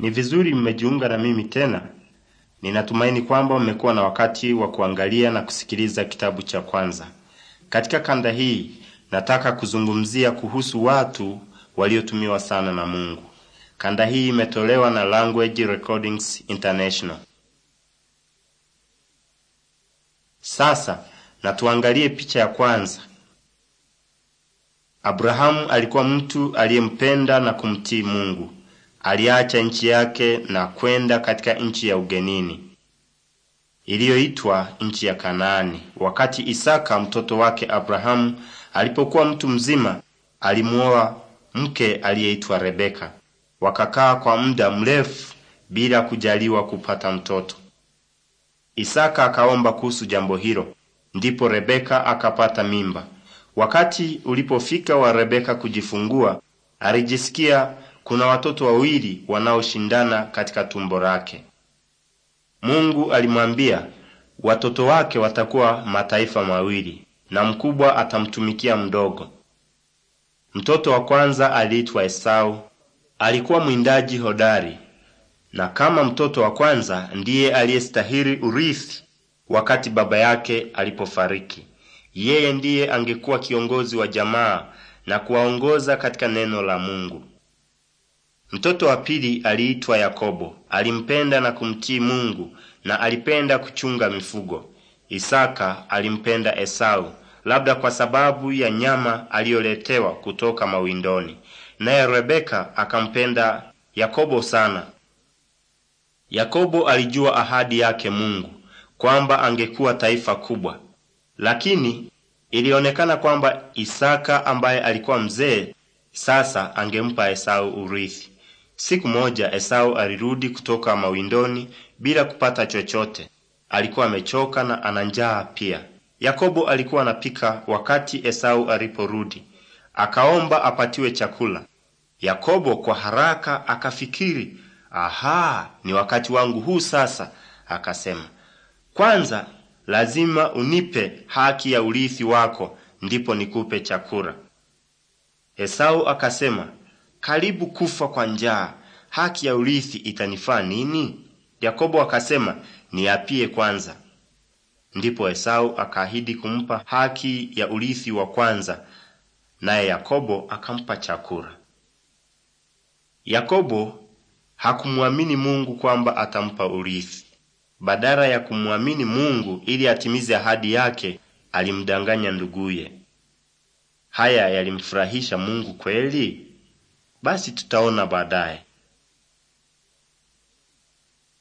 Ni vizuri mmejiunga na mimi tena. Ninatumaini kwamba mmekuwa na wakati wa kuangalia na kusikiliza kitabu cha kwanza. Katika kanda hii nataka kuzungumzia kuhusu watu waliotumiwa sana na Mungu. Kanda hii imetolewa na Language Recordings International. Sasa natuangalie picha ya kwanza. Abrahamu alikuwa mtu aliyempenda na kumtii Mungu aliacha nchi yake na kwenda katika nchi ya ugenini iliyoitwa nchi ya Kanaani. Wakati Isaka mtoto wake Abrahamu alipokuwa mtu mzima, alimuoa mke aliyeitwa Rebeka. Wakakaa kwa muda mrefu bila kujaliwa kupata mtoto. Isaka akaomba kuhusu jambo hilo, ndipo Rebeka akapata mimba. Wakati ulipofika wa Rebeka kujifungua, alijisikia kuna watoto wawili wanaoshindana katika tumbo lake. Mungu alimwambia watoto wake watakuwa mataifa mawili, na mkubwa atamtumikia mdogo. Mtoto wa kwanza aliitwa Esau. Alikuwa mwindaji hodari, na kama mtoto wa kwanza ndiye aliyestahili urithi wakati baba yake alipofariki. Yeye ndiye angekuwa kiongozi wa jamaa na kuwaongoza katika neno la Mungu. Mtoto wa pili aliitwa Yakobo. Alimpenda na kumtii Mungu na alipenda kuchunga mifugo. Isaka alimpenda Esau, labda kwa sababu ya nyama aliyoletewa kutoka mawindoni. Naye Rebeka akampenda Yakobo sana. Yakobo alijua ahadi yake Mungu kwamba angekuwa taifa kubwa, lakini ilionekana kwamba Isaka ambaye alikuwa mzee sasa angempa Esau urithi. Siku moja Esau alirudi kutoka mawindoni bila kupata chochote. Alikuwa amechoka na ana njaa pia. Yakobo alikuwa anapika wakati Esau aliporudi, akaomba apatiwe chakula. Yakobo kwa haraka akafikiri, aha, ni wakati wangu huu sasa. Akasema, kwanza lazima unipe haki ya urithi wako, ndipo nikupe chakula. Esau akasema, karibu kufa kwa njaa, haki ya urithi itanifaa nini? Yakobo akasema, niapie kwanza. Ndipo Esau akaahidi kumpa haki ya urithi wa kwanza, naye Yakobo akampa chakula. Yakobo hakumwamini Mungu kwamba atampa urithi. Badala ya kumwamini Mungu ili atimize ahadi yake, alimdanganya nduguye. Haya yalimfurahisha Mungu kweli? Basi tutaona baadaye.